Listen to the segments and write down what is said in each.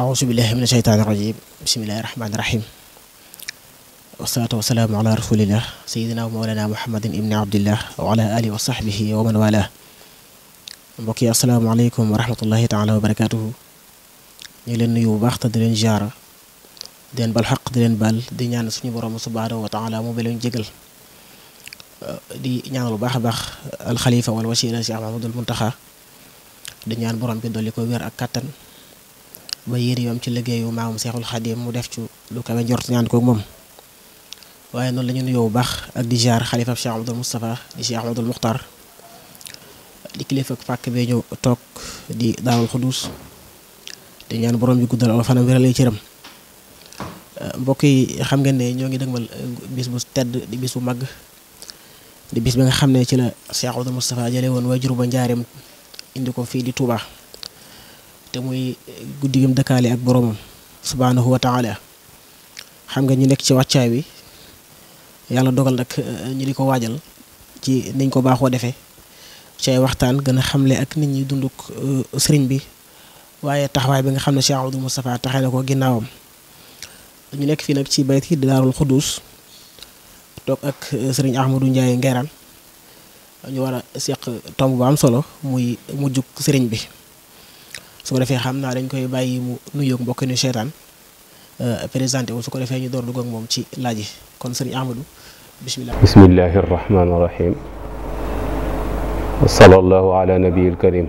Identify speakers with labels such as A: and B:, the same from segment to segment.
A: أعوذ بالله من الشيطان الرجيم بسم الله الرحمن الرحيم والصلاة والسلام على رسول الله سيدنا ومولانا محمد ابن عبد الله وعلى آله wa rahmatullahi wa barakaatuhu ñu leen bu baax te di di ñaan suñu borom subhaanahu wa taala mu di ñaan bu baax a baax alxalifa wal kattan. ba yéri yoom ci liggéeyu maamam Seexul Xadim mu def ci lu kawe njort ñaan ko moom waaye noonu la ñu nuyoo bu baax ak di jaar xalifa Cheikh Abdoul Moustapha di Cheikh Abdoul Muxtar di kilifa pàkk bee ñëw toog di daawul xudus te ñaan borom bi guddal wala fanam wéral ay mbokk yi xam ngeen ñoo ngi dëgmal bis bu di bis bu màgg di bi nga xam ne ci la Cheikh Abdoul Moustapha jële woon juru ba njaareem indi ko fii di Touba. te muy eh, guddi gim dëkkaale ak boroomam subhaanahu wa taala xam nga ñu nekk ci wàccaay wi yàlla dogal nag eh, ñu di ko waajal ci niñ ko baaxoo defee ci ay waxtaan gën a xam xamle ak nit ñi dunduk eh, sëriñ bi waaye taxawaay bi nga xam ne Cheikh Abdou Moustapha taxee na ko ginnaawam ñu nekk fii nag ci yi di daarul xudduus toog ak sëriñ Ahmadou Ndiaye Nguerane ñu war a seq tomb bu am solo muy mujjug sëriñ bi su ko defee xam naa dañ koy bàyyi mu nuyoog mbokk ñu seetaan euh, présenté wu su ko defee ñu door dugg moom ci laaj yi kon sëriñ Ahmadou bisimilah.
B: bismillahi rahmaani rahim. wa sallallahu ala nabiyil karim.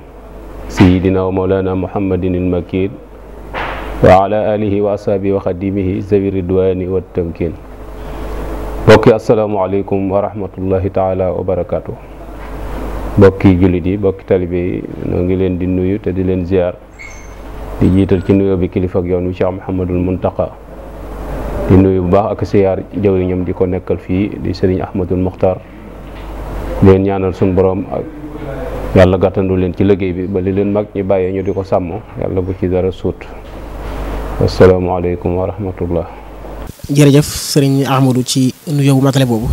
B: sayidina wa mawlana muhammadin il makin wa ala alihi wa ashabi wa xadimihi zawi ridwani wa tamkin mbokki asalaamualeykum wa rahmatullahi taala wa barakaatu. bokki jullit yi bokki talibe yi noo ngi leen di nuyu te di leen ziar di jiital ci nuyoo bi kilifa ak yoon wi Cheikh Mouhamadul Muntaqa di nuyu bu baax ak siyaar jawriñam di ko nekkal fii di sëriñ Ahmadul Muxtar leen ñaanal suñu boroom ak yàlla gàttandu leen ci liggéey bi ba li leen mag ñi bàyyee ñu di ko sàmm yàlla bu ci dara suut asalaamaaleykum wa rahmatullah
A: jërëjëf sëriñ Ahmadou ci nuyoo bu matale boobu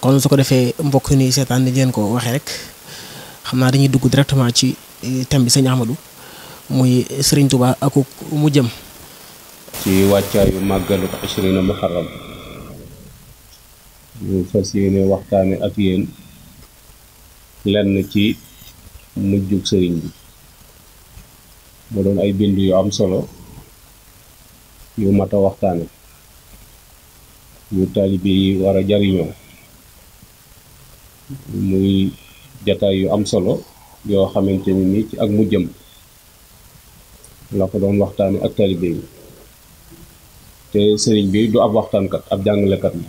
A: kon su ko defee mbokk yi nii seetaan ni leen ko waxee rek xam naa dañuy dugg directement ci eh, thème bi sëñ Ahmadou muy Serigne Touba ak mu jëm.
B: ci wàccaayu màggalu Achirina Muharram ñu fas yéene waxtaane ak yéen lenn ci mujjug sëriñ bi mu doon ay bind yu am solo yu mat waxtaane yu taalibe yi war a jariñoo muy jataay yu am solo yoo xamante ni nii ci ak mujjëm la ko doon waxtaane ak taalibe yi te sëriñ bi du ab waxtaankat ab jàngalekat la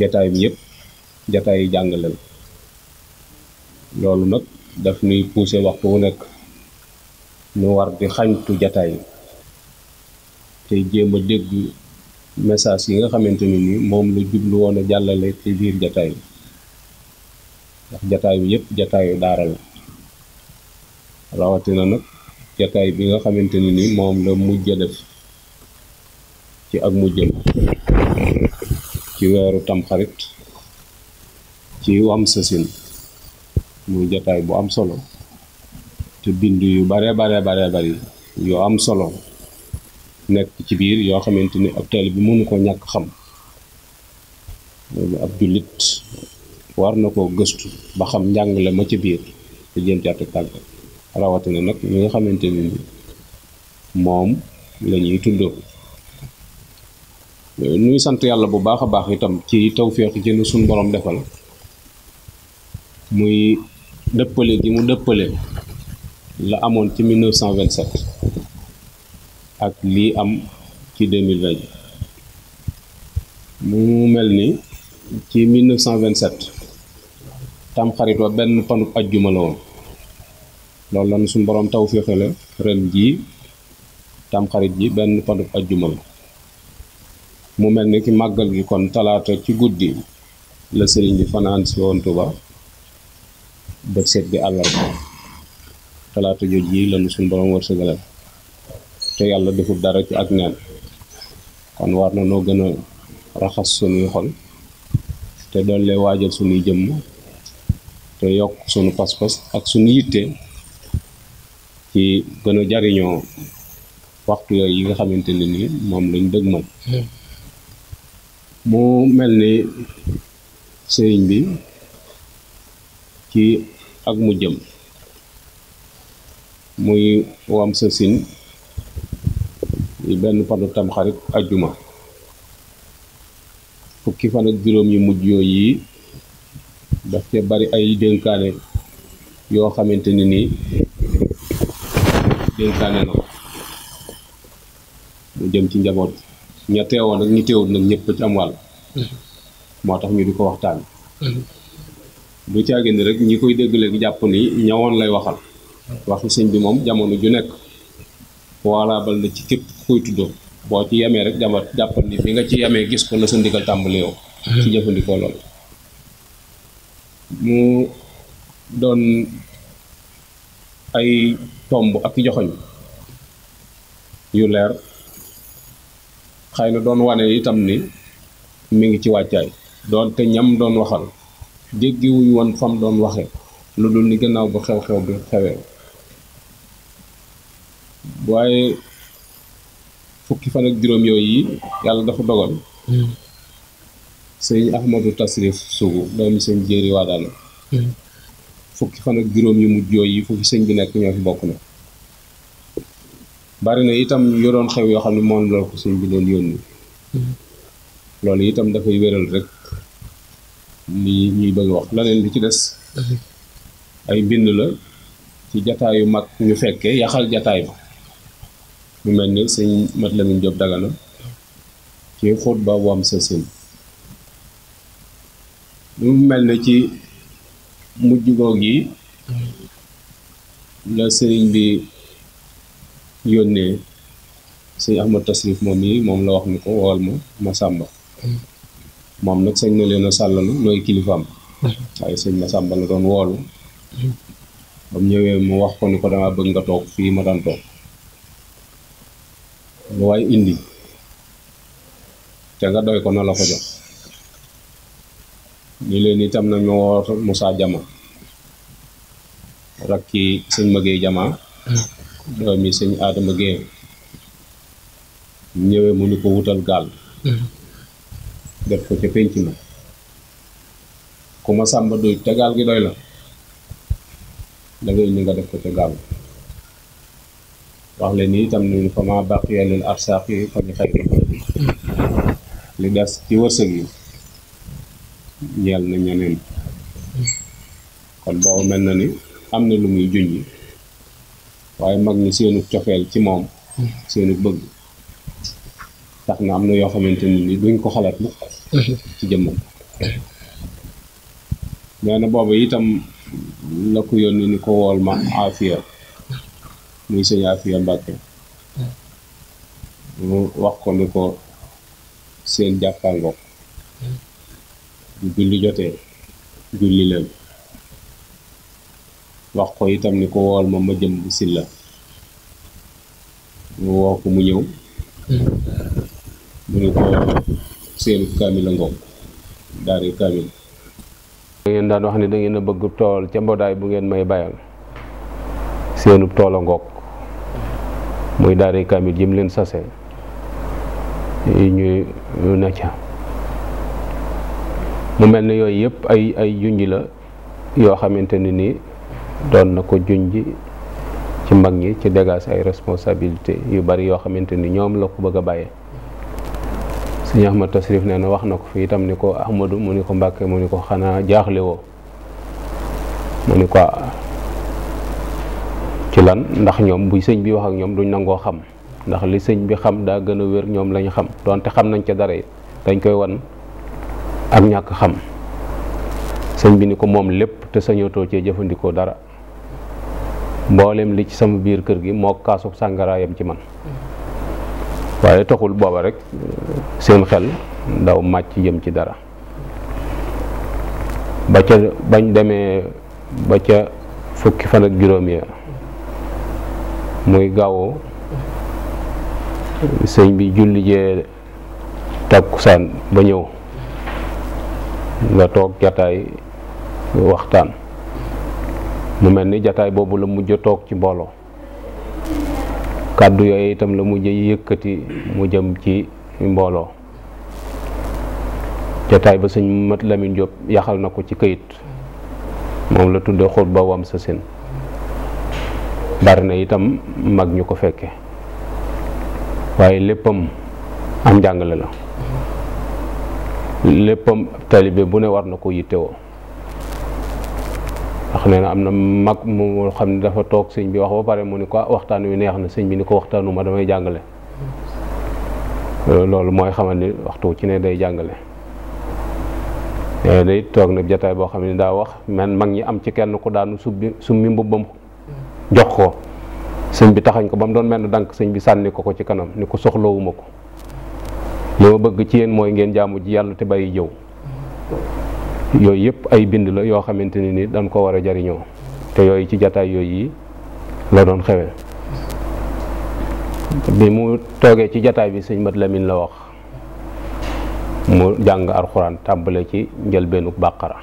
B: jataay bi yëpp jataay yi jàngale la loolu nag daf nuy poussé waxtu wu nekk nu war di xañtu jataay te jéem a dégg message yi nga xamante ni nii moom lu jublu woon a jàllale ci biir jataay bi ndax jataay bi yëpp jataayu daara la rawatina nag jataay bi nga xamante ni ni moom la mujj a def ci ak mujjam ci weeru tamxarit ci wam sasin muy jataay bu am solo te bind yu bare bare bare bari yu am solo nekk ci biir yoo xamante ni ab taalibe bi mënu ko ñàkk xam ab jullit war na ko gëstu ba xam njàng la ma ca biir te jéem ca tàggat rawatina nag ñi nga xamante ni moom la ñuy tuddoo ñuy sant yàlla bu baax a baax itam ci tawféex ci nu suñ borom defal muy dëppale gi mu dëppale la amoon ci 1927 ak lii am ci 2020 mu mel ni ci vingt 1927 tamxarit wa benn panub ajjuma la woon loolu lan suñu boroom taw féexale ren jii tamxarit ji benn panub ajjuma la mu mel ni ki màggal gi kon talaata ci guddi la sëriñ bi fanaan si woon Tuuba bët seet bi àllarba talaata joj yi lanu suñu boroom wërsëgale te yàlla deful dara ci ak neen kon war na noo gën a raxas sunuy xol te doon lee waajal sunuy jëmm te yokk sunu pas ak sunu yitte ki gën a jariñoo waxtu yooyu yi nga xamante ne ni moom lañ dëgmal hmm. mu mel ni sëriñ bi ci ak mu jëm muy wam sa sin benn panu tamxarit ajjuma fukki fan ak juróom yu mujj yooyu daf cee bari ay dénkaane yoo xamante ne nii dénkaane na ko mu jëm ci njaboot ña teewoon ak ñi teewul nag ñëpp ci am wàll moo tax ñu di ko waxtaan bu caagin rek ñi koy dégg léegi jàpp ni ñawoon lay waxal waxi sëñ bi moom jamono ju nekk walaabal na ci képp koy tuddoo boo ci yemee rek jàmbat jàppal ni bi nga ci yemee gis ko la sa ndigal tàmbali yow ci jëfandikoo loolu mu doon ay tomb ak joxoñ yu leer xëy na doon wane itam ni mi ngi ci wàccaay doon te ñam doon waxal jéggiwuñu woon fam doon waxe lu dul ni gannaaw bu xew-xew bi xewee waaye fukki fan ak juróom yooyu yàlla dafa dogal hmm. sëñ Ahmadou Tasrif Sougou doomi sëñ Jéeri Waadaan fukki fan ak juróom yu mujj yooyu foofu sëñ bi nekk ñoo fi bokk na bari na itam yoroon xew yoo xam ne moom la ko sëñ bi doon yónni loolu itam dafay wéral rek li ñuy bëgg wax leneen li ci des ay mbind la ci jataayu mag ñu fekkee yaxal jataay ba mu mel ni sëñ Mat Lamin Jóob Dagana ci xóot ba wam sa sëñ mu mel na ci mujj goog yi la sëriñ bi yónnee sëñ Ahmad Tasrif moom yi moom la wax ni ko wool ma ma sàmba moom nag sëñ na leen a sàllalu nooy kilifaam mm-hmm. waaye sëñ ma sàmba la doon woolu
C: mm-hmm.
B: ba ñëwee mu wax ko ni ko dama bëgg nga toog fii ma daan toog lu waaye indi te nga doy ko na la ko jox ñu leen itam na ñu woor Moussa ci rakki sëñ Maguey Jama doomi sëñ Adama Gueye ñëwee mu ñu ko wutal gaal def ko ca pénc ma ku ma sàmba doy te gaal gi doy la da ngay nga def ko ca gaal wax leen ni itam ne fa ma baqiya lil arsaqi fa li xayri li des ci wërsëg yi ñeel na ñeneen kon boobu mel na ni am na lu muy junj waaye mag ñi seenu cofeel ci moom seenu bëgg tax na am na yoo xamante ni duñ ko xalaat mukk ci jëmmam nee na boobu itam la ko yónni ni ko wool ma afiya muy sëñ afiya Mbàkke mu wax ko ni ko seen jàppangook bu julli jotee julli leen wax ko itam ni ko wool ma ma jëm silla mu woo ko mu ñëw mu ne ko seenu kaamil ngoog daari kaamil da daan wax ne dangeen ngeen a bëgg tool ca mboodaay bu ngeen may bayal seenu tool a ngoog muy daari kaamil jëm leen sase ñuy na ca mu mel ne yooyu yëpp ay ay junj la yoo xamante ne nii doon na ko junj ci mag ñi ci dégage ay responsabilité yu bari yoo xamante ni ñoom la ko bëgg a bàyyee sëñ Ahmad Tasrif nee wax na ko fii itam ni ko Ahmadu mu ni ko Mbàkke mu ni ko xanaa jaaxle woo mu ni ko ah, ci lan ndax ñoom buy sëñ bi wax ak ñoom duñ nangoo xam ndax li sëñ bi xam daa gën a wér ñoom lañu xam donte xam nañ ca dara yi dañ koy wan ak ñàkk xam sëñ bi ni ko moom lépp te sëñootoo cee jëfandikoo dara mboolem li ci sama biir kër gi moo kaasub sàngaraayam ci man waaye taxul booba rek seen xel ndaw màcc jëm ci dara ba ca bañ demee ba ca fukki fan ak juróom ya muy gaawoo sëñ bi julli jee takkusaan ba ñëw nga toog jataay waxtaan mu mel ni jataay boobu la mujj toog ci mbooloo kàddu yooyu itam la mujj yëkkati mu jëm ci mbooloo jataay ba sëñ Mat Lamin Jóob yaxal na ko ci kayit moom la tudde xut ba wam sa seen bari na itam mag ñu ko fekke waaye léppam am njàngale la léppam talibe bu ne war na ko yittewoo wax nee na am na mag mu xam ne dafa toog sëñ bi wax ba pare mu ni ko ah, waxtaan wi neex na sëñ bi ni ko waxtaanu ma damay jàngale loolu mooy xamal ni waxtu ci ne day jàngale day toog na jataay boo xam ne daa wax man mag ñi am ci kenn ku daanu subbi summi mbubbam jox ko sëñ bi taxañ ko ba mu doon mel ne dànk sëñ bi sànni ko ko ci kanam ni ko soxlawuma ko li ma bëgg ci yéen mooy ngeen jaamu ji yàlla te bàyyi jëw yooyu yëpp ay bind la yoo xamante ne ni dañ ko war a jariñoo te yooyu ci jataay yooyu la doon xewe bi mu toogee ci jataay bi sëñ Mat Lamin la wax mu jàng alxuraan tàmbale ci njëlbeenu bàqara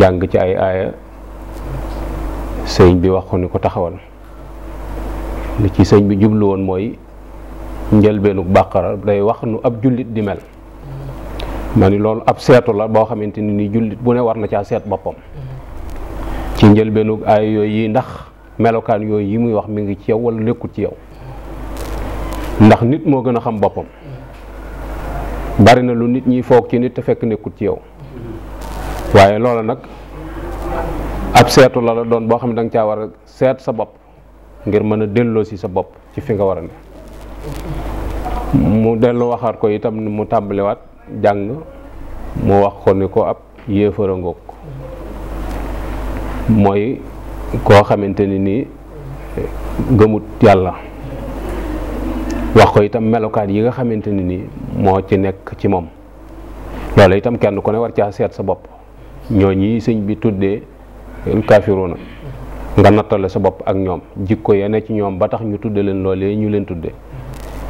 B: jàng ci ay aaya sëñ bi wax ko ni ko taxawal li ci sëñ bi jublu woon mooy njëlbeenu bàqara day wax nu ab jullit di mel ma ni loolu ab seetu la boo xamante ni ni jullit bu ne war na caa seet boppam ci njëlbeenu ay yooyu yi ndax melokaan yooyu yi muy wax mi ngi ci yow wala nekkul ci yow ndax nit moo gën a xam boppam bari na lu nit ñi foog ci nit te fekk nekkul ci yow waaye loola nag ab seetu la la doon boo xam ne da caa war a seet sa bopp ngir mën a delloo si sa bopp ci fi nga war a ne mu dellu waxaat ko itam mu tàmbaliwaat jàng mu wax ko ni ko ab yéefar a ngoog mooy koo xamante ni nii gëmut yàlla wax ko itam melokaan yi nga xamante ni nii moo ci nekk ci moom loolu itam kenn ku ne war caa seet sa bopp ñoo ñi sëñ bi tuddee kaafiruuna nga nattale sa bopp ak ñoom jikko ya ci ñoom ba tax ñu tudde leen loolee ñu leen tudde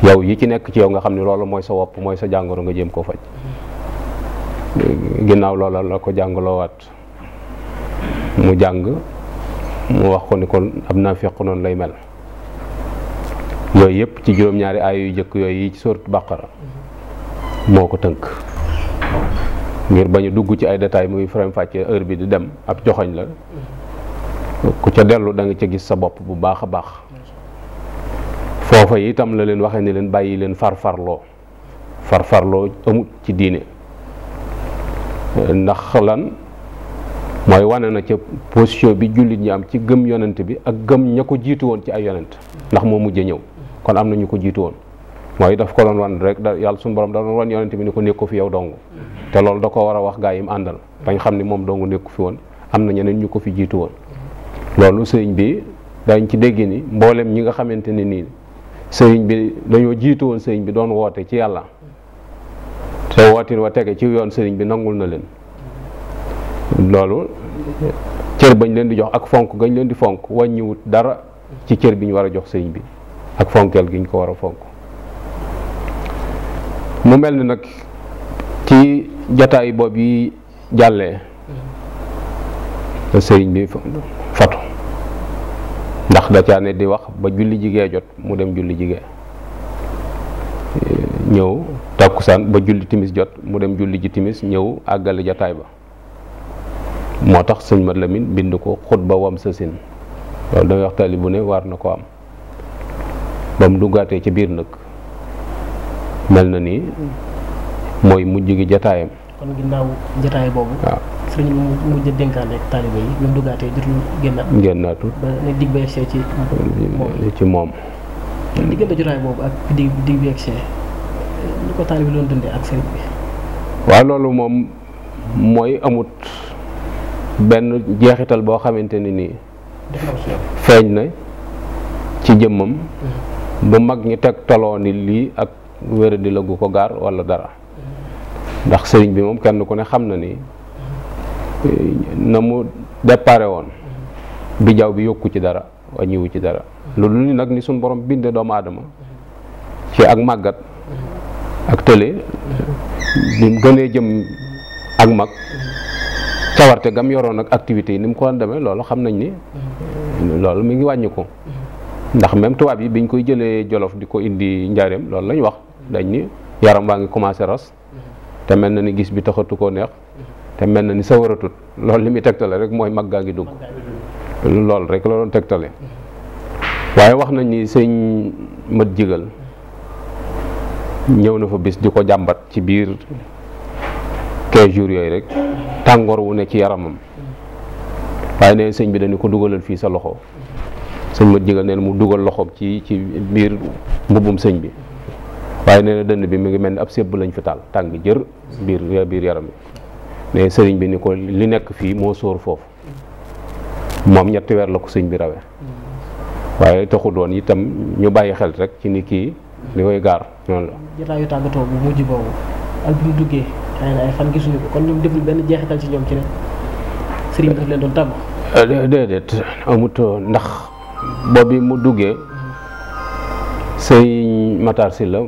B: yow yi ci nekk ci yow nga xam ne loolu mooy sa wopp mooy sa jàngoro nga jëm koo faj ginnaaw loola la ko jàngaloowaat mu jàng mu wax ko ni ko am naa fekk noonu lay mel yooyu yëpp ci juróom-ñaari aay yu jëkk yooyu yi ci sourate Baqara moo ko tënk ngir bañu dugg ci ay détails muy faram fàccee heure bi di dem ab joxoñ la ku ca dellu danga ca gis sa bopp bu baax a baax foofa itam la leen waxee ne leen bàyyi leen farfarloo farfarloo amut ci diine ndax lan mooy wane na ca position bi jullit ñi am ci gëm yonent bi ak gëm ña ko jiitu woon ci ay yonent ndax moo mujj ñëw kon am na ñu ko jiitu woon mooy daf ko doon wan rek da yàlla suñu borom da doon wan yonent bi ko nekko fi yow dong loolu da war a wax gaa yi mu àndal bañ xam ne moom dong nekku fi woon am na ñeneen ñu ko fi jiitu woon bi dañ ci dégg ni mboolem ñi nga xamante ne nii sëriñ bi dañoo jiitu woon sëriñ bi doon woote ci yàlla te wootin wa tege ci yoon sëriñ bi nangul na leen loolu cër bañ leen di jox ak fonk gañ leen di fonk wàññiwut dara ci cër bi ñu war a jox sëriñ bi ak fonkeel gi ñu ko war a fonk mu mel ni nag ci jataay boobu yi jàllee sëriñ bi fatu ndax da ne di wax ba julli jigee jot mu dem julli jigee ñëw takkusaan ba julli timis jot mu dem julli ji timis ñëw àggale jataay ba moo tax sëñ Mat Lamin bind ko xutba wam sësin loolu dangay wax bu ne war na ko am ba mu duggaatee ci biir nag mel na ni mooy mujj gi jataayam
A: kon sëriñ bi mu mujj dénkaane ak taalibe yi ñu duggaatee jotuñu génnaat. génnaatu ci. moom. bi yegsee lu
B: waaw loolu moom mooy amut benn jeexital boo xamante ne nii. feeñ na ci jëmmam. Mm-hmm. bu mag ñi teg toloo ni lii ak wéradi la gu ko gaar wala dara. Mm-hmm. ndax sëriñ bi moom kenn ku ne xam na ni. na mu déparé woon bi jaww bi yokku ci dara wàññiwu ci dara loolu ni nag ni suñ borom bindee doomu aadama ci ak màggat ak tële bi mu gënee jëm ak mag cawarte gam yoroon ak activités yi ni mu ko daan demee loolu xam nañ ni loolu mi ngi wàññi ko ndax même tubaab yi biñ koy jëlee jolof di ko indi njaareem loolu lañ wax dañ ni yaram waa ngi commencé ras te mel na ni gis bi taxatu koo neex te mel na ni sawaratut loolu li muy tegtale rek mooy mag gaa ngi dugg lool rek la doon tegtale mm-hmm. waaye wax nañ ni sëñ mat jigal ñëw na fa bis di ko jàmbat ci biir quinze jours yooyu rek mm-hmm. tàngoor wu ne ci yaramam waaye neen sëñ bi dañu ko dugalal fii sa loxo mm-hmm. sëñ mat jigal neen mu dugal loxoom ci ci biir mbubbum sëñ bi waaye nee na dënn bi mu ngi mel ni ab sébb lañ fi taal tàng jër biir biir yaram mais sëriñ bi ni ko li nekk fii moo sóor foofu moom ñetti weer la ko sëñ bi rawee waaye taxu doon itam ñu bàyyi xel rek ci ni kii li koy gaar noonu la.
A: jotaayu tàggatoo bi mu duggee xëy na ay fan gisuñu ko ci ñoom ci ne sëriñ bi daf leen doon tàggu.
B: Euh, déedéet amut ndax boobu mu duggee sëriñ si la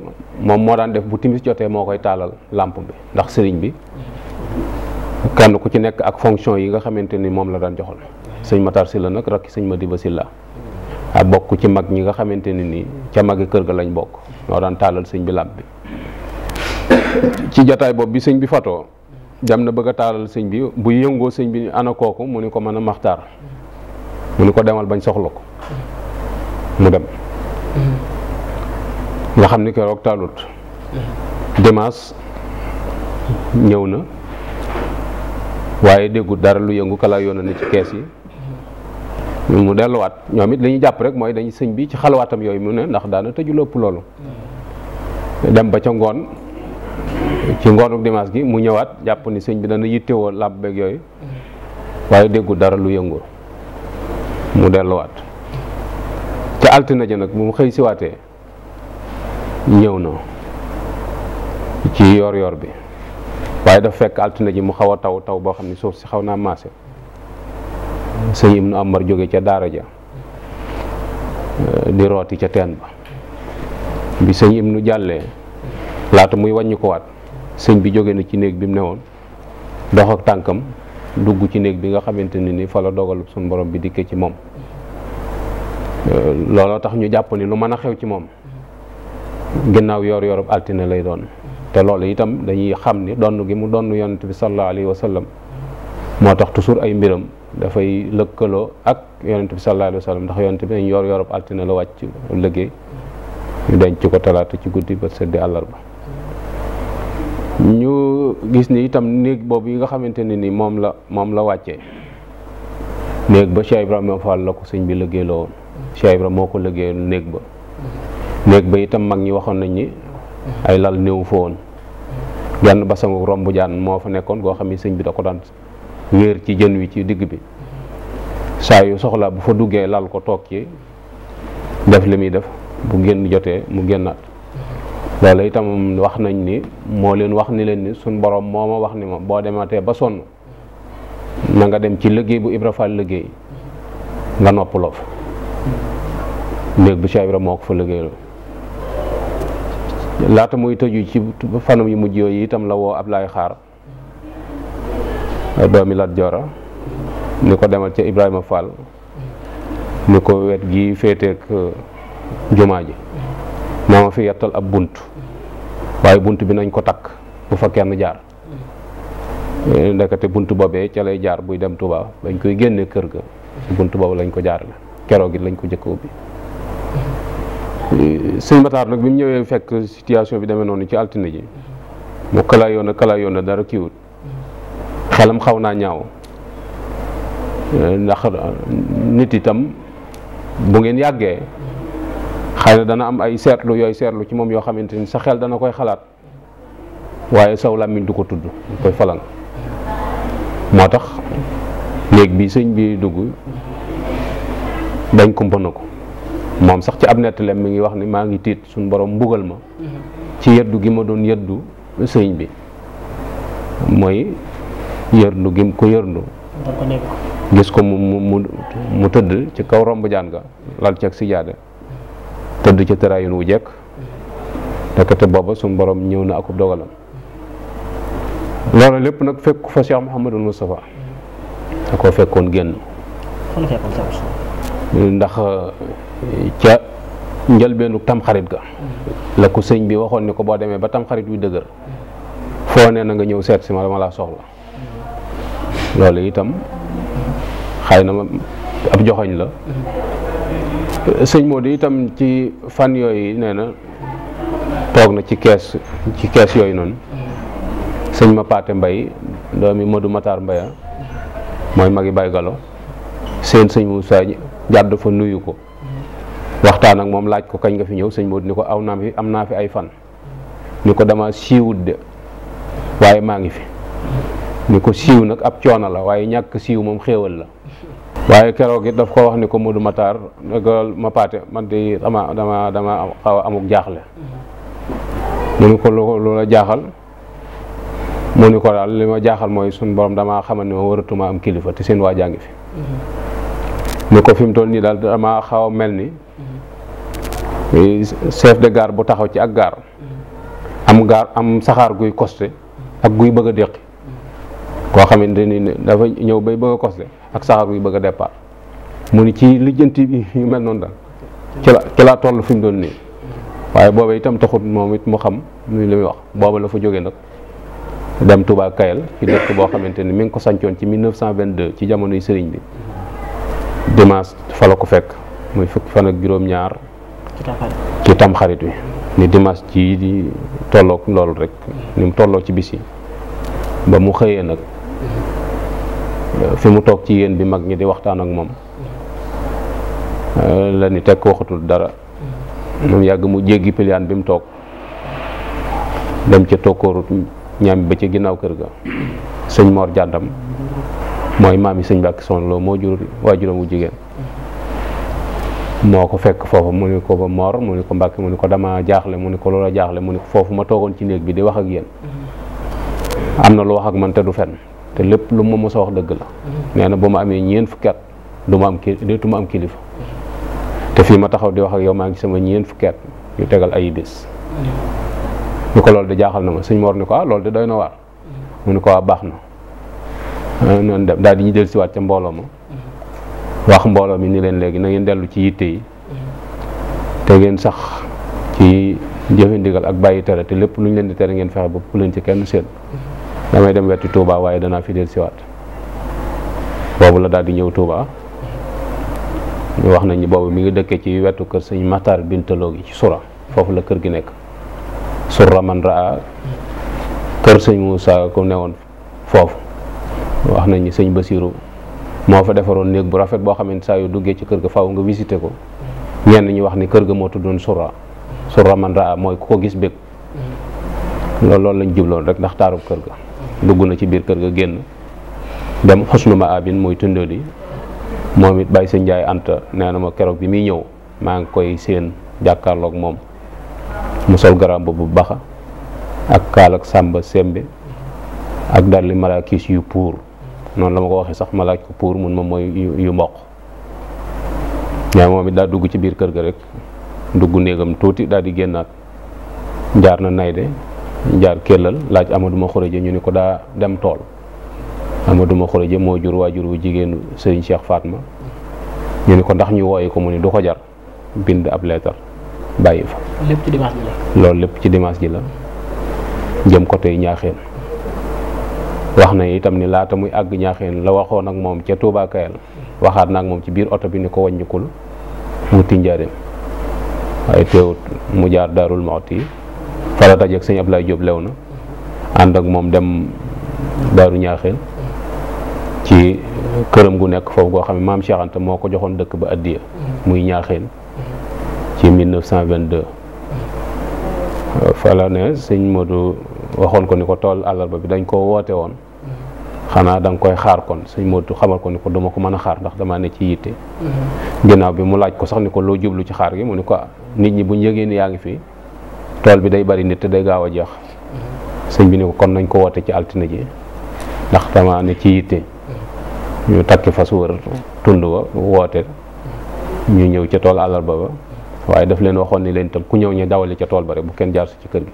B: moom moo daan def bu timis jotee moo koy taalal làmp bi ndax sëriñ bi. Mm-hmm. kenn ku ci nekk ak fonction yi nga xamante ni moom la daan joxal sëñ Matar Sylla nag rakki sëñ Madiba Sylla a bokk ci mag ñi nga xamante ni nii ca magi kër ga lañ bokk ñoo daan taalal sëñ bi làmp bi ci jataay bopp bi sëñ bi fatoo dem na bëgg a taalal sëñ bi bu yëngoo sëñ bi ana kooku mu ni ko mën a maxtaar mu ni ko demal bañ soxla ko mu dem nga xam ni keroog taalut mm-hmm. dimanche ñëw na waaye déggut dara lu yëngu kala yoona ne ci kees yi mu delluwaat ñoom it li jàpp rek mooy dañuy sëñ bi ci xalawaatam yooyu mu ne ndax daana tëju lopp loolu dem ba ca ngoon ci ngoonu dimanche gi mu ñëwaat jàpp ni sëñ bi dana yittewoo làmp beeg yooyu waaye déggu dara lu yëngu mu delluwaat ca altine ja nag bu mu xëy siwaatee ñëw na ci yoor yoor bi waaye dafa fekk altine ji mu xaw a taw taw boo xam ne suuf si xaw naa maase sëñ Ibnu Amar jóge ca daara ja eh, di rooti ca teen ba bi sëñ Ibnu jàllee laata muy wàññi ko waat sëñ bi jóge na ci néeg bi mu newoon dox ak tànkam dugg ci néeg bi nga xamante ne ni fa la dogalu suñu borom bi dikkee ci moom eh, looloo tax ñu jàpp ni lu mën a xew ci moom ginnaaw yor yorub altine lay doon te loolu itam dañuy xam ni donn gi mu donn yonent bi sallallahu alayhi moo tax toujours ay mbiram dafay lëkkaloo ak yonent bi sallallahu alayhi wa sallam ndax yonent bi dañ yor yorub altine la wàcc liggéey ñu denc ko talaata ci guddi ba seddi àllarba ñu gis ni itam néeg boobu yi nga xamante ne ni moom la moom la wàcce néeg ba Cheikh Ibrahima Fall la ko sëñ bi liggéey la woon Cheikh Ibrahima moo ko liggéeyal néeg ba néeg ba itam mag ñi waxoon nañ ni ay lal néew fa woon genn basangu romb jaan moo fa nekkoon goo xam ne sëñ bi da ko daan wéer ci jën wi ci digg bi saa yu soxla bu fa duggee lal ko toog ci def li muy def bu génn jotee mu génnaat loolu itam wax nañ ni moo leen wax ni leen ni suñ borom moo ma wax ni ma boo demaatee ba sonn na nga dem ci liggéey bu Ibra Fall liggéey nga noppaloo fa néeg bu Cheikh Ibra moo ko fa liggéeyloo laata muy tëju ci fanum yu mujj yooyu itam la woo ab Ablaay Xaar doomi Lat Joora ni ko demal ca Ibrahima Fall ni ko wet gi féeteek uh, jumaa ji naa ma fi yettal ab bunt waaye bunt bi nañ ko takk bu fa kenn jaar eh, ndekete bunt boobee ca lay jaar buy dem Touba dañ koy génne kër ga bunt boobu lañ ko jaarale keroog it lañ ko jëkk ubbi sëñ Matar nag bi mu ñëwee fekk situation bi demee noonu ci altine ji mu kala yoon a kala yoon a dara kiiwut xelam xaw naa ñaaw ndax nit itam bu ngeen yàggee xëy na dana am ay seetlu yooyu seetlu ci moom yoo xamante ni sa xel dana koy xalaat waaye saw làmmiñ du ko tudd du koy falan moo tax néeg bi sëñ bi dugg dañ kumpa na ko moom sax ci ab nettaleem mi ngi wax ni maa ngi tiit suñ borom mbugal ma ci yëddu gi ma doon yëddu sëñ bi mooy yërndu gi ko yërndu gis ko mu mu tëdd ci kaw romb jaan ga lal ceeg si jaade tëdd ci tëraayin wu jekk ndekete booba suñ borom ñëw na akub dogalam loolu lépp nag fekk fa Cheikh Mouhamadul Moustapha da koo fekkoon génn ndax euh, ca njëlbeenu tamxarit ga la ko sëñ bi waxoon ni ko boo demee ba tamxarit wi dëgër foo nee na nga ñëw seet si ma dama laa soxla loolu itam xëy na ab joxoñ la sëñ Modou itam ci fan yooyu nee na toog na ci kees ci kees yooyu noonu sëñ ma paate mbay doomi Modou Matar Mbaya mooy magi Baye Gallo seen sëñ Moussa jàdd fa nuyu ko waxtaan ak moom laaj ko kañ nga fi ñëw sëñ Modou ni ko aw naa fi am naa fi ay fan ni ko dama siiwut de waaye maa ngi fi ni ko siiw nag ab coono la waaye ñàkk siiw moom xéewal la waaye keroog daf ko wax ni ko Modou Matar ma paate man de dama dama dama xaw a amuk jaaxle mu ni ko lu jaaxal mu ni ko daal li ma jaaxal mooy suñ borom dama xamal ne ma waratuma am kilifa te seen waajaa ngi fi ne ko fi mu toll nii daal dama xaw a mel ni chef de gare bu taxaw ci ak gaar am gaar am saxaar guy costé ak guy bëgg a déqi koo xamante ni dafa ñëw bay bëgg a costé ak saxaar guy bëgg a départ mu ni ci lijjanti bi yu mel noonu daal ci la ci la toll fi doon nii waaye booba itam taxut moom it mu xam muy li muy wax booba la fa jóge nag dem Touba Kayel ci dëkk boo xamante ni mi ngi ko sancoon ci 1922 ci jamonoy sëriñ bi dimanche fa la ko fekk muy fukki fan ak juróom-ñaar ci tamxarit wi ni dimanche ci di tolloog loolu rek ni mu tolloog ci bis yi ba mu xëyee nag fi mu toog ci yéen bi mag ñi di waxtaan ak moom eh, la ni tekk waxatul dara mu yàgg mu jéggi piliyaan bi mu toog dem ca tokkoorut ñaam ba ca ginnaaw kër ga sëñ Mor jàddam mooy maam yi sëñ Mbàkke soon Lo moo jur waajuram wu jigéen moo ko fekk foofu mu ne ko ba Mor mu ne ko Mbàkke mu ni ko dama jaaxle mu ni ko loola mu ne ko foofu ma toogoon ci néeg bi di wax mm-hmm. na lu wax ak man du fen te lépp lu ma a wax dëgg mm-hmm. nee na ba ma amee ñeent fukki at du am ki dootuma am kilifa mm-hmm. te fii ma taxaw di wax ak yow maa ngi sama ñeent fukki at tegal ay bés ñu loolu de jaaxal na ma sëñ Mor ni ko ah loolu de doy na waa mu ni ko waa ah, baax na noonu dem daal di dellusiwaat ca mbooloo ma wax mbooloo mi ni leen léegi na ngeen dellu ci yitte yi te ngeen sax ci jëfe ndigal ak bàyyi tere te lépp lu ñu leen di tere ngeen fexe ba bu ci kenn seen damay dem wetti Touba waaye danaa fi siwaat boobu la daal di ñëw tuubaa ñu wax nañu boobu mi ngi dëkkee ci wetu kër sëñ Matar Bintaloo gi ci sura foofu la kër gi nekk sura man raa kër sëñ Moussa ku newoon foofu wax nañ ni sëñ Basiru moo fa defaroon néeg bu rafet boo xamante saa yu duggee ci kër gi faw nga visité ko ñenn ñi wax ni kër ga moo tuddoon sura sura man raa mooy ku ko gis bëgg loolu loolu lañ jubloon rek ndax taarub kër ga dugg na ci biir kër ga génn dem xusnu ma abin mooy li moom it bàyyi sëñ Njaay Anta nee na ma keroog bi muy ñëw maa ngi koy seen jàkkaarloog moom mu sol garam bu baxa ak kaal ak sàmba sembe ak dalli maraakis yu pour noonu la ma ko waxee sax ma laaj ko pour mun ma mooy yu mboq waaye moom it daa dugg ci biir kër ga rek dugg néegam tuuti daal di génnaat jaar na Nayde jaar Kellal laaj Amadou ma Xureje ñu ni ko daa dem tool Amadou ma Xureje moo jur waajur wu jigéenu Serigne Cheikh Fatma ñu ni ko ndax ñu wooye ko mu ni du ko jar bind ab leetar bàyyi fa. loolu lépp ci dimanche ji la jëm côté Ñaaxeen. wax na itam ni laata muy àgg ñaaxeen la waxoon ak moom ca Touba waxaat na ak moom ci biir oto bi ni ko wàññikul wuti njaareem waaye teewut mu jaar daarul Mawti fa la dajeeg sëñ Ablaye Diop lew na ànd ak moom dem daaru ñaaxeen ci këram gu nekk foofu goo xam maam Cheikh moo ko joxoon dëkk ba addiya muy ñaaxeen ci 1922 fa la ne waxoon ko ni ko tool àllarba bi dañ koo woote woon xanaa danga koy xaar kon suñ Moodu xamal ko ni ko duma ko mën a xaar ndax damaa ne ci yitte ginnaaw bi mu laaj ko sax ni ko loo jublu ci xaar gi mu ni ko ah, nit ñi bu yëgee ni yaa ngi fii tool bi day bari nit te day gaaw a jeex sëñ bi ni ko kon nañ ko woote ci altine ji ndax damaa ne ci yitte ñu takki fas wër tund wa woote ñu ñëw ca tool àllarba ba waaye daf leen waxoon ni leen itam ku ñëw ñu dawale ca tool ba bu kenn jaar si ci kër gi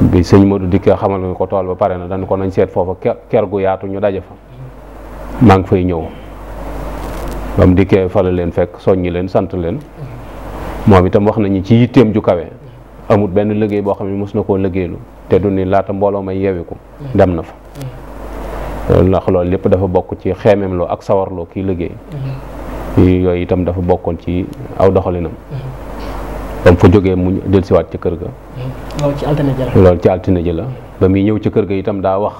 B: bi sëñ Modou dikkee xamal nga ko tool ba pare na dañ ko nañ seet foofa ker gu yaatu ñu daje fa maa ngi fay ñëw ba mu dikkee fa la leen fekk soññi leen sant leen moom itam wax nañu ci yitteem ju kawe amut benn liggéey boo xam ne mos na koo liggéeylu te du ni laata mbooloo may yewiku dem na fa ndax lool lépp dafa bokk ci loo ak sawarloo kii liggéey yooyu itam dafa bokkoon ci aw doxalinam ba mu fa jógee mu dellusiwaat ci kër ga
A: loolu ci altine ji loolu
B: ci altine la ba muy ñëw ci kër ga itam daa wax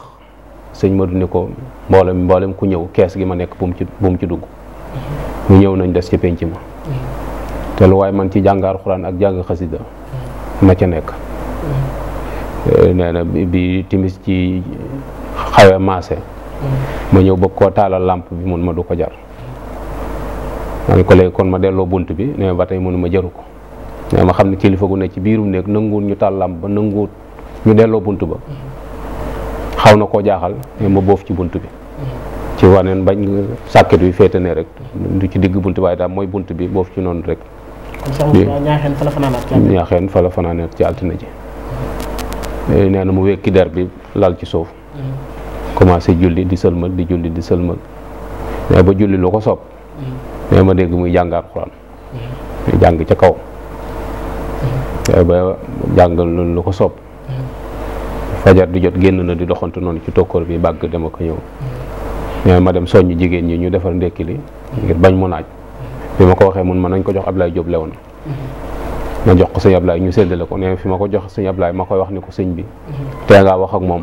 B: sëñ du ne ko mboolem mboolem ku ñëw kees gi ma nekk bu mu ci bu mu ci dugg. ñu ñëw nañ des ci penc ma. te lu waaye man ci jàngaar alxuraan ak jàng xasida ma ci nekk. Eh, nee na timis ci xawe maase. ma ñëw bëgg koo taalal làmp bi mun ma du ko jar. ma ne ko léegi kon ma delloo bunt bi nee ba tey mënu ma jaru ko. ñoo ma xam ne kilifa gu ne ci biirum néeg nanguwul ñu tàllam ba nanguwut ñu delloo bunt ba xaw na koo jaaxal ma boof ci bunt bi ci waneen bañ sàkket wi féete ne rek du ci digg bunt waaye daal mooy bunt bi boof ci noonu rek
A: ñaaxeen
B: fa la fanaaneet ci altina ji eh, nee na mu wekki der bi lal ci suuf commencé julli di sëlmal di julli di sëlmal mais ba julli lu ko soob mm. mais ma dégg muy jàng alxuraan mm. jàng ca kaw Eh, ba jàngal loolu lu ko soob hmm. fajar di jot génn na di doxantu noonu ci tokkoor bi bàgg dama ko ñëw mais hmm. eh, ma dem soññ jigéen ñi ñu defar ndekki li ngir bañ mu naaj hmm. bi ma ko waxee mun ma nañ ko jox Ablaye Diop lewoon ma jox ko sëñ Ablaye ñu seddale ko nee fi ma ko jox sëñ Ablaye ma koy wax ni ko sëñ bi tee ngaa wax ak moom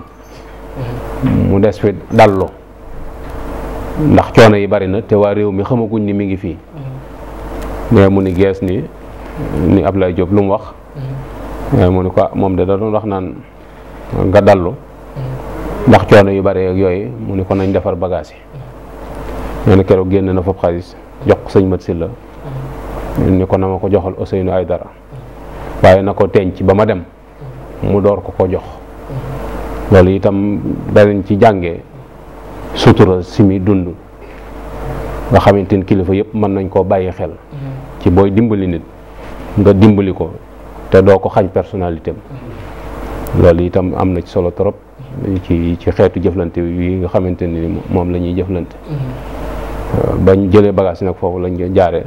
B: mu des fi dallo ndax coono yi bari na te waa réew mi xamaguñ ni mi ngi fii mais mu ni gees ni ni lay Diop lu mu wax mm-hmm. mu ne ah, moom de da doon wax naan nga dallu mm-hmm. ndax coono yu bare ak yooyu mu ne ko nañ defar bagage yi nee mm-hmm. na keroog génn na foofu xaalis jox ko sëñ Mat Silla ni ko na ma ko joxal ay dara waaye na ko tenc ba ma dem mu door ko ko jox loolu itam danañ ci jànge sutura simi dund nga xamante ni kilifa yëpp mën nañ koo bàyyi xel ci booy dimbali nit nga dimbali ko te doo ko xañ personnalité loolu itam am na ci solo trop ci ci xeetu jëflante yi nga xamante ni moom la ñuy jëflante mm-hmm. bañ jëlee bagage yi nag foofu lañ jaare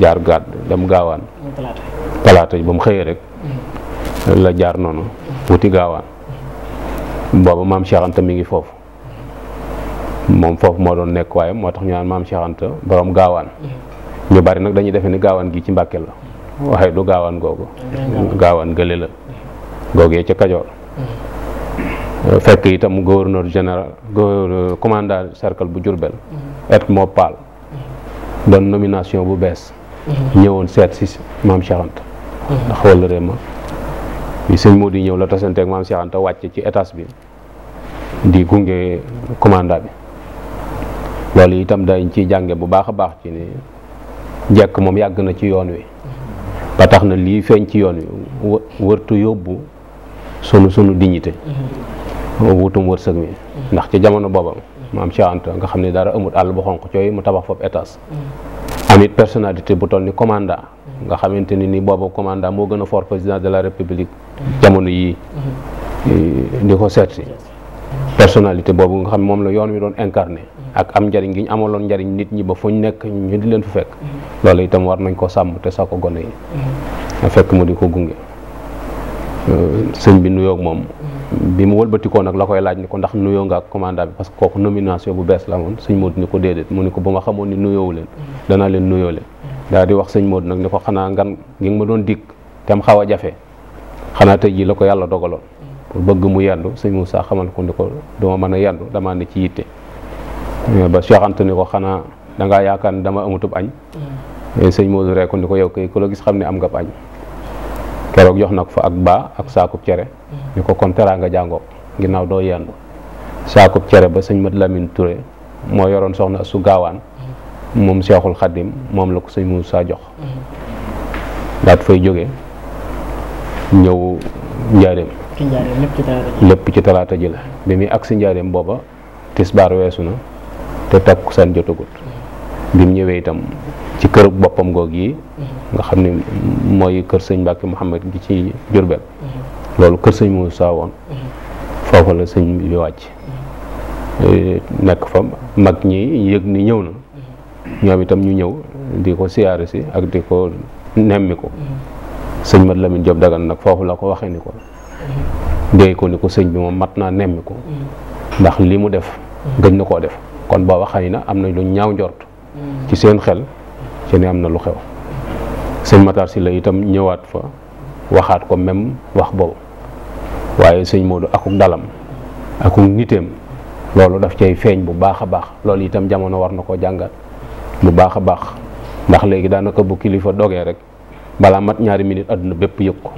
B: jaar gaat dem gaawaan talaata yi ba mu xëyee rek mm-hmm. la jaar noonu wuti gaawaan mm-hmm. booba maam Cheikh Anta mi ngi foofu moom foofu moo doon nekk waaye moo tax ñu naan maam Cheikh Anta borom gaawaan ñu bari nag dañuy defe ni gaawaan gi ci Mbàkke la waaye du gaawaan googu gaawaan gële la googee ci Kajoor fekk itam gouverneur général commandant cercle bu Jurbel et moo paal doon nomination bu bees ñëwoon seet si maam Cheikh Anta ndax moo di ñëw la tasanteeg maam Cheikh Anta ci étage bi di gunge commandant bi loolu itam dañ ciy jànge bu baax a baax ci ni jekk moom yàgg na ci yoon wi ba tax na lii feeñ ci yoon wi wërtu yóbbu sunu sunu dignité mm-hmm. wutum wërsëg mi mm-hmm. ndax ci jamono boobam maam Cheikh Anta nga xam ne dara amut àll bu xonq cooy mu tabax foofu étage mm-hmm. amit personnalité bu toll ni commandant nga xamante ni ni booba commandant moo gën a fort président de la république jamono yii di ko seet si personnalité boobu nga xam ne moom la yoon wi doon incarné ak am njariñ gi ñu amaloon njariñ nit ñi ba fu ñu nekk ñu di leen fu fekk loolu tam war nañ ko sàmm te sa ko gone yi mm-hmm. fekk mu di ko gunge euh, sëñ bi nuyoo moom mm-hmm. bi mu wëlbatikoo nag la koy laaj ni ko ndax nuyoo nga ak commandant bi parce que kooku nomination bu bees la amoon sëñ Modou ni ko déedéet mu ni ko ba ma xamoon ni nuyoowu leen mm-hmm. danaa leen nuyoo leen daal di wax sëñ Modou nag ni ko xanaa ngan ngi ma doon dikk te xaw a jafe xanaa tey jii la ko yàlla dogaloon pour bëgg mu yendu sëñ Moussa xamal ko ni ko duma mën a yendu damaa ci yitte ba Cheikh ni ko xanaa da yaakaar ne dama amutub añ. Mm. Eh, sëñ Modou Reku ni ko yow kay ku la gis xam ne am nga añ keroog jox na ko fa ak baa ak saakub cere. Mm. ni ko kon teraa nga jàngoo ginnaaw doo yendu saakub cere ba sëñ Mat Lamine Touré moo yoroon soxna su gaawaan. Mm. moom Seexul Xaddim moom la ko sëñ saa jox. daat fay jógee ñëw njaareem. lépp ci talaata ji la bi muy agsi njaareem booba tisbaar weesu na. te seen jotagut bi mu ñëwee itam ci kër boppam goog yi nga xam ne mooy kër sëñ Mbàkke Mouhamed gi ci Jurbel loolu kër sëñ Moussa woon foofu la sëñ bi wàcc nekk fa mag ñi yëg ni ñëw na ñoom itam ñu ñëw di ko siyaare si ak di ko nemmi ko sëñ Mat Lamin Jóob Dagana nag foofu la ko waxee ni ko déy ko ni ko sëñ bi moom mat naa nemmi ko ndax li mu def gën na koo def kon booba xëy na am na lu ñaaw njort mm. ci seen xel ci ne am na lu xew sëñ Matar la itam ñëwaat fa waxaat ko même wax boobu waaye sëñ Modou akuk dalam ak niteem loolu daf cay feeñ bu baax a baax loolu itam jamono war na koo jàngat bu baax a baax ndax léegi daanaka bu kilifa dogee rek balaa mat ñaari minute àdduna bépp yëg ko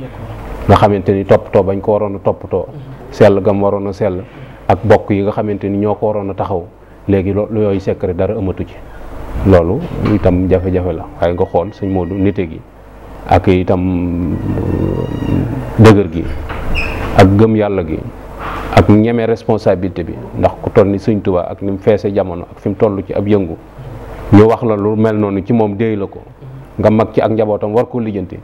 B: nga xamante ni toppatoo bañ ko waroon a toppatoo mm-hmm. sell gam waroon a sell ak bokk yi nga xamante ni ñoo ko waroon a taxaw léegi loolu yooyu secret dara ëmmatu ci loolu itam jafe-jafe la waaye nga xool suñ moo Modou nite gi ak itam dëgër gi ak gëm yàlla gi ak ñeme responsabilité bi ndax ku toll ni sëñ Tuubaa ak ni mu feese jamono ak fi mu toll ci ab yëngu ñu wax la lu mel noonu ci moom déy la ko nga mag ci ak njabootam war koo lijjanti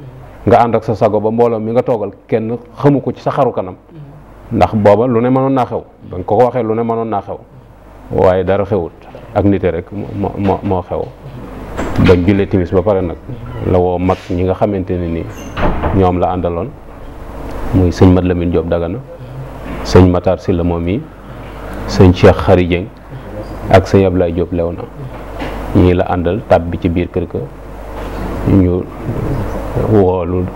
B: nga ànd ak sa sago ba mbooloo mi nga toogal kenn xamu ko ci sa xaru kanam mm-hmm. ndax booba lu ne mënoon naa xew ba ko waxee lu ne mënoon naa xew waaye dara xewut ak nite rek moo moo xew ba jullee timis ba pare nag la woo mag ñi nga xamante ne ni ñoom la àndaloon muy sëñ Mat Lamine jóob Dagana sëñ Matar Sylla moom yi sëñ Cheikh Khary Dieng ak sëñ Ablaye Diop Léona ñii la àndal tab bi ci biir kër ga ñu woolu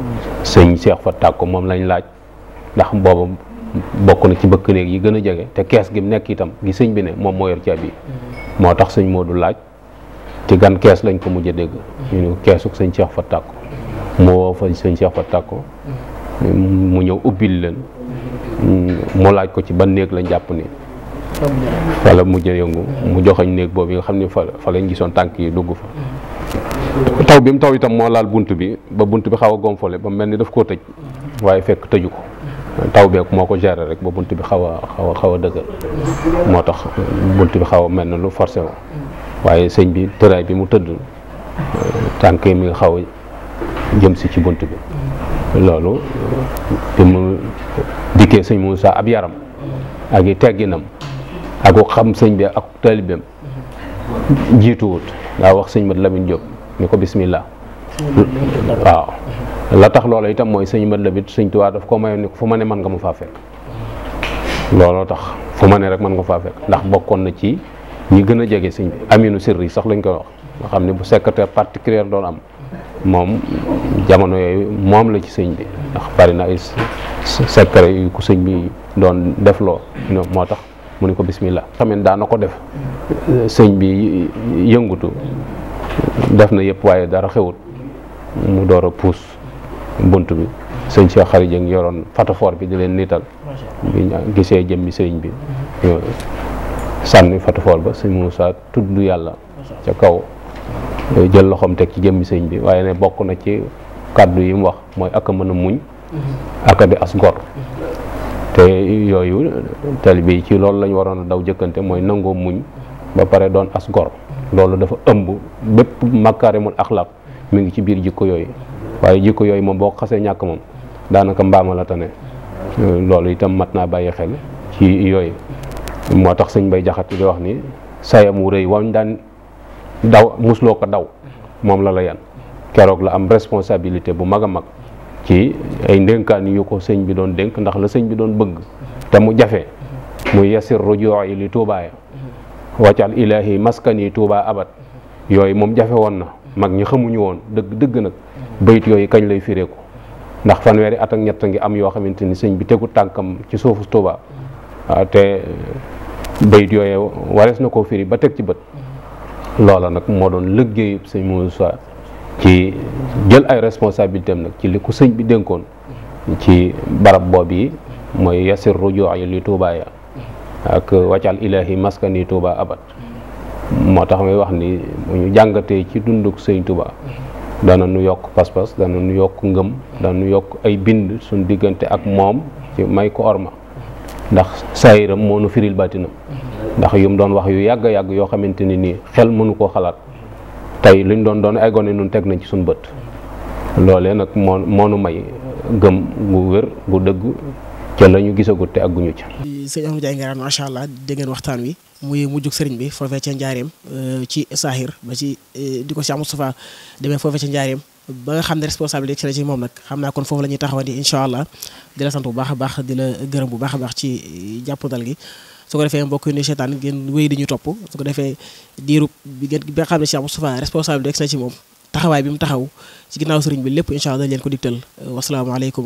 B: sëñ Cheikh Fatak ko moom lañ laaj ndax booba bokk na ci néeg yi gën a jege te kees gi mu nekk itam gi sëñ bi ne moom moo yor caabi mm-hmm. moo tax sëñ Modou laaj ci gan kees lañ ko mujj dégg. Mm-hmm. ñu ne keesuk sëñ Cheikh Fatou Tacko mu woo fa sëñ mm-hmm. mu ñëw ubbil leen mu laaj ko ci ban néeg lañ jàpp ni wala mujj yëngu mu joxañ néeg boobu yi nga xam ne fa fa lañ gisoon tànk yi dugg fa. taw bi mu taw itam moo laal bunt bi ba bunt bi xaw a gonfale ba mel ni daf koo tëj waaye fekk tëju ko. taw beeg moo ko gérer rek ba bunt bi xaw a xaw a xaw a dëgër moo tax bunt bi xaw a mel na lu force wu waaye sëñ bi tëraay bi mu tëdd tànk mi nga xaw a si ci bunt bi loolu bi mu dikkee sëñ Moussa ab yaram ak i tegginam ak xam sëñ bi ak taalibeem jiituwut daa wax sëñ Mat Lamin Jóob ni ko bismillah waaw la tax loola itam mooy sëñ mat la bit sëñ waa daf ko mayoon ni ko fu ma ne mën nga ma faa fekk looloo tax fu ma ne rek mën nga faa fekk ndax bokkoon na ci ñi gën a jege sëñ bi aminu sirri sax lañ koy wax nga xam ne bu secrétaire particulier doon am moom jamono yooyu moom la ci sëñ bi ndax bari na ay secret yu ko sëñ bi doon def loo moo tax mu ne ko bismillah xameen daana ko def sëñ bi yëngutu def na yëpp waaye dara xewut mu door a puus bunt bi sëñ Cheikh Khary Dieng yoroon fatafoor bi di leen niital bi gisee jëmmi sëriñ bi sànni fatafoor ba sëñ Moussa tudd yàlla ca kaw jël loxoom teg ci jëmmi sëñ bi waaye ne bokk na ci kàddu yi mu wax mooy ak a mën a muñ mhm. ak a di mhm. te yooyu tali bi ci loolu lañ waroon a daw jëkkante mooy nangoo muñ mhm. ba pare doon as gor loolu dafa ëmb bépp makaarimul axlaq mu ngi ci biir jikko yooyu waaye jikko yooyu moom boo ko xasee ñàkk moom daanaka mbaama la tane euh, loolu itam mat naa bàyyi xel ci yooyu moo tax sëñ bay jaxat di wax ni sayam wu rëy wañ daan daw musloo ko daw moom la la yan keroog la am responsabilité bu mag a mag ci ay ndénkaan yu ko sëñ bi doon dénk ndax la sëñ bi doon bëgg te mu jafe mu yasir rujooyi li tuubaaya waccal ilaahi maskani tuubaa abat yooyu moom jafe woon na mag ñi xamuñu woon dëgg dëgg nag bayit yooyu kañ lay fireeku ndax fanweeri at ak ñett ngi am yoo xamante ni sëñ bi tegu tànkam ci suufu Tuuba ah, te bayit yooyee warees na koo firi ba teg ci bët loola nag moo doon liggéeyu sëñ Moussa ci jël ay responsabilité am nag ci li ko sëñ bi dénkoon ci barab boobu yi mooy yasir rujuu li Tuuba ya ak wàccal ilaahi maskani Tuuba abat moo tax may wax ni ñu jàngatee ci dunduk sëñ Tuuba dana nu yokk pas-pas dana nu yokk ngëm dana nu yokk ay bind suñ diggante ak moom may ko orma ndax saayiram moo nu firil baatinam ndax yu mu doon wax yu yàgg yàgg yoo xamante ni nii xel mënu koo xalaat tey luñ doon doon eggoon nun teg nañ ci suñ bët loolee nag moo moo nu may gëm gu wér gu dëgg ca la ñu gisagut te àgguñu ca
A: sëñ Ahmadou Ndiaye Nguerane macha allah dégg ngeen waxtaan wi muy mujjug sëriñ bi foofee ca njaareem euh, ci Sahir ba ci euh, di ko si Moustapha demee foofee ca njaareem ba nga xam ne responsabilité ci la ci moom nag xam naa kon foofu la ñuy taxawandi incha allah di la sant bu baax a baax di la gërëm bu baax a baax ci jàpp euh, jàppandal gi. su ko defee mbokk yi ni seetaan ngeen wéy di ñu topp su ko defee diirub bi ngeen bi nga xam ne si Moustapha responsabilité ci la ci moom taxawaay bi mu taxaw ci ginnaaw sëriñ bi lépp incha allah dañ leen ko digtal wasalaamaaleykum